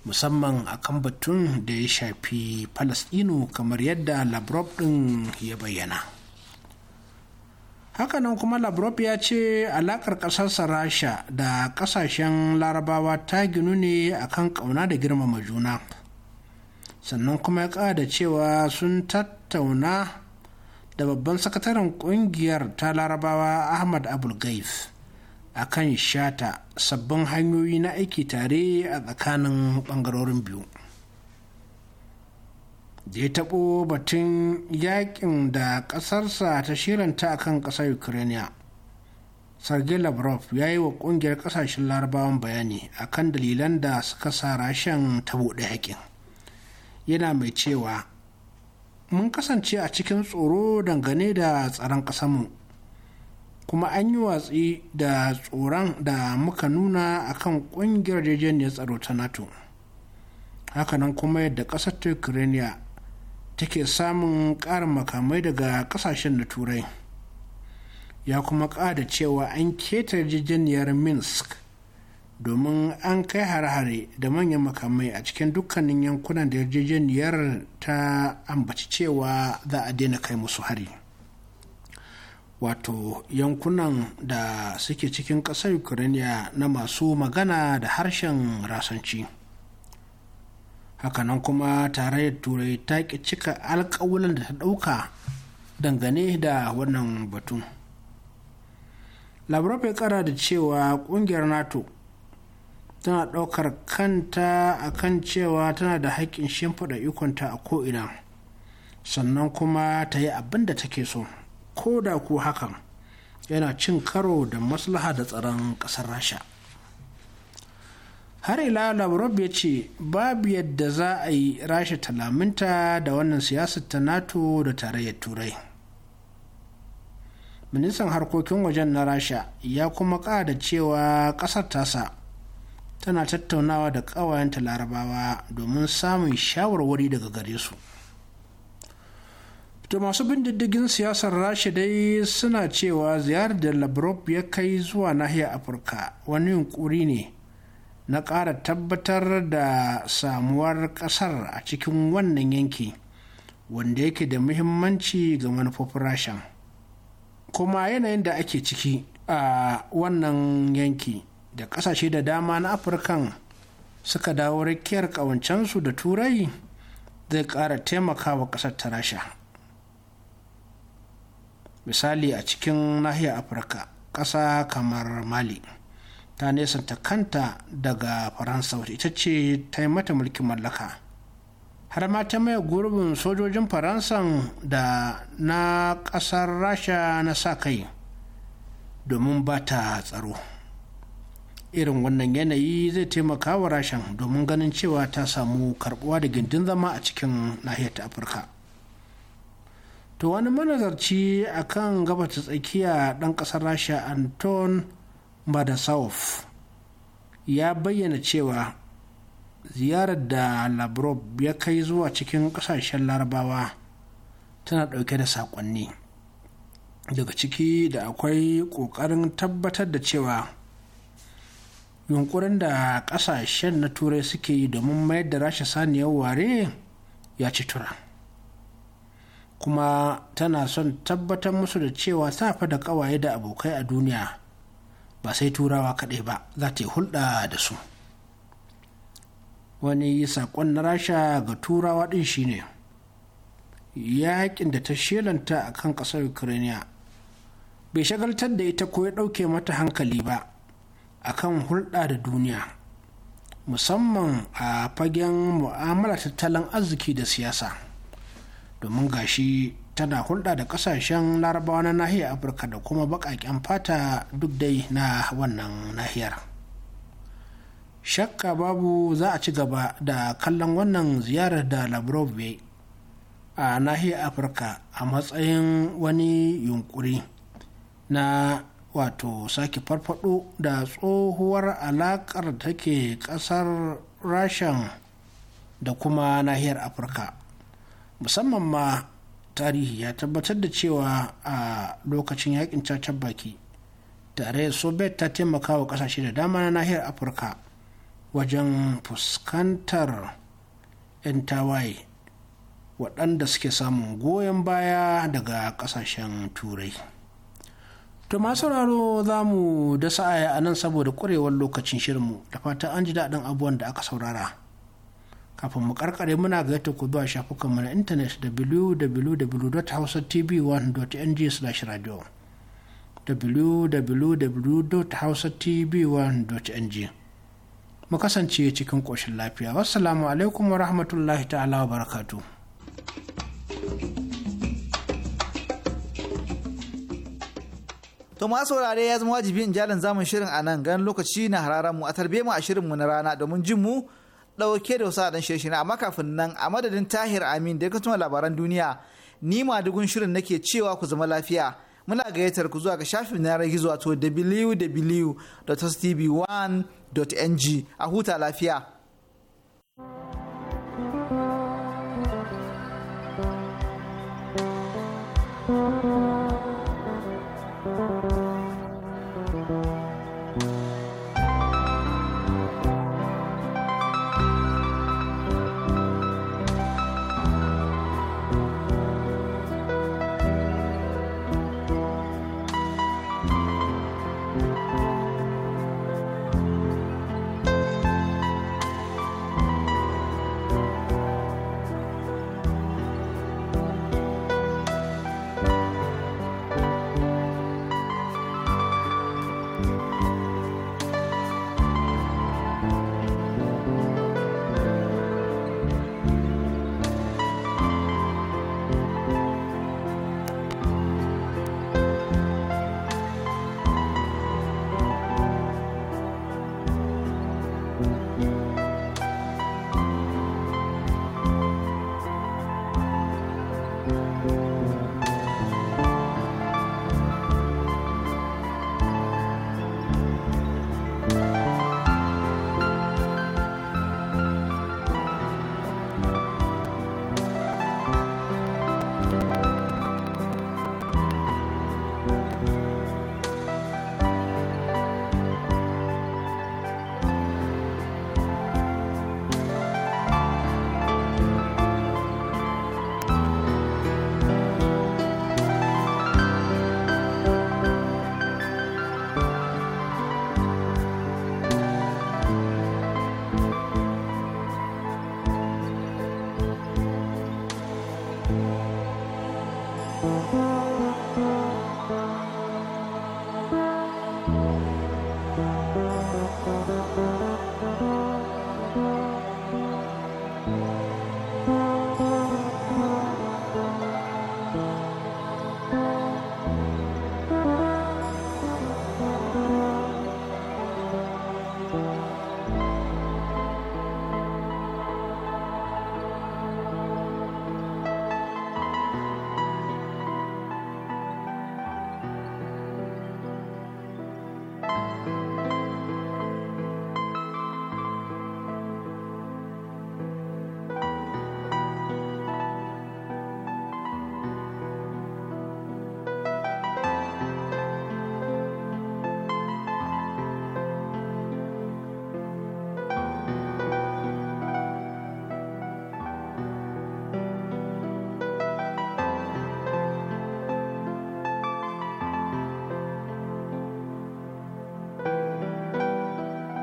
musamman a kan batun da ya shafi Falasɗinu kamar yadda labrob din ya bayyana. Hakanan kuma labrob ya ce alakar ƙasarsa Rasha da ƙasashen larabawa ta ginu ne akan ƙauna da girmama juna. Sannan kuma ya da cewa sun tattauna da babban sakataren ƙungiyar ta larabawa Ahmad Abul Gaif. a kan shata sabbin hanyoyi na aiki tare a tsakanin bangarorin biyu da ya taɓo batun yakin da ƙasarsa ta shiranta a kan ƙasar ukraine sergei lavrov ya yi wa ƙungiyar ƙasashen larabawan bayani a kan dalilan da suka sa rashen ta buɗe yakin yana mai cewa mun kasance a cikin tsoro dangane da tsaron ƙasarmu kuma an yi watsi da tsoron da muka nuna a kan kungiyar jejeniyar tsaro ta nato hakanan kuma yadda ƙasar ta ukraine take samun ƙarin makamai daga ƙasashen da turai ya kuma ƙada cewa an keta jejeniyar minsk domin an kai hare-hare da manyan makamai a cikin dukkanin yankunan da yarjejeniyar ta ambaci cewa za a daina kai musu hari. wato yankunan da suke cikin ƙasar ukraine na masu magana da harshen rasanci hakanan kuma tare tarayyar turai ta ki cika alkawulan da ta ɗauka dangane da wannan batun labarai bai kara da cewa ƙungiyar nato tana ɗaukar kanta a kan cewa tana da haƙƙin shimfiɗa ikonta a ko'ina sannan kuma ta yi abin da take so ko da ko hakan yana cin karo da maslaha da tsaron ƙasar rasha har ila lavrov ya ce babu yadda za a yi rasha ta laminta da wannan siyasar ta nato da tarayyar turai ministan harkokin wajen na rasha ya kuma ƙada cewa ƙasar tasa tana tattaunawa da ƙawayenta larabawa domin samun shawarwari daga gare su to masu bin diddigin siyasar rasha dai suna cewa ziyarar da Labrov ya kai zuwa nahiyar afirka wani yunkuri ne na ƙara tabbatar da samuwar ƙasar a cikin wannan yanki wanda yake da muhimmanci ga manufofin rasha kuma yanayin da ake ciki a wannan yanki da ƙasashe da dama na afirkan suka dawo rakiyar ƙawancensu da turai zai ƙara taimakawa ƙasar ta rasha misali a cikin nahiyar afirka ƙasa kamar mali ta nesanta kanta daga faransa wata ita ce ta yi mata mulkin mallaka har ma ta maye gurbin sojojin faransa da na ƙasar rasha na sa kai domin ba ta tsaro irin wannan yanayi zai taimaka wa rashin domin ganin cewa ta samu karbuwa da gindin zama a cikin nahiyar ta afirka to wani manazarci a kan gabata tsakiya ɗan ƙasar rasha anton badasov ya bayyana cewa ziyarar da lavrov ya kai zuwa cikin ƙasashen larabawa tana ɗauke da saƙonni daga ciki da akwai ƙoƙarin tabbatar da cewa yunkurin da ƙasashen na turai suke yi domin mayar da rasha saniyar ware ya ci tura kuma tana son tabbatar musu da cewa safa da ƙawaye da abokai a duniya ba sai turawa kaɗai ba za ta yi hulɗa da su wani saƙon na rasha ga turawa ɗin shine yaƙin da ta shelanta a kan ƙasar ukraine bai shagaltar da ita ko ya ɗauke mata hankali ba a kan hulɗa da duniya musamman a fagen mu'amala tattalin arziki da siyasa domin gashi tana hulɗa da ƙasashen larabawa na nahiyar afirka da kuma baƙaƙen fata duk dai na wannan nahiyar shakka babu za a ci gaba da kallon wannan ziyarar da lavrov a nahiyar afirka a matsayin wani yunkuri na wato sake farfado da tsohuwar alaƙar da take ƙasar rashan da kuma nahiyar afirka musamman ma tarihi ya tabbatar da cewa a lokacin yakin cacar baki tarayyar soviet ta taimaka wa kasashe da dama na nahiyar afirka wajen fuskantar 'yan tawaye waɗanda suke samun goyon baya daga ƙasashen turai to masu sauraro za mu da sa'aya a nan saboda ƙwarewar lokacin shirinmu da fata an ji daɗin abuwan da aka saurara kafin mu karkare muna ga ta ku zuwa shafukanmu na intanet www.hausatv1.ng/radio www.hausatv1.ng mu kasance cikin koshin lafiya wassalamu alaikum wa rahmatullahi ta'ala wa barakatu to masu saurare ya zama wajibi in jalin zamun shirin a nan ganin lokaci na hararan mu a tarbe mu a shirin mu na rana domin jin mu ɗauke da wasu haɗin shirye amma kafin nan a madadin tahir amin da ya kasance labaran duniya ni ma dugun shirin nake cewa ku zama lafiya muna gayyatar ku zuwa ga shafin na yanar gizo wato www.tv1.ng a huta lafiya.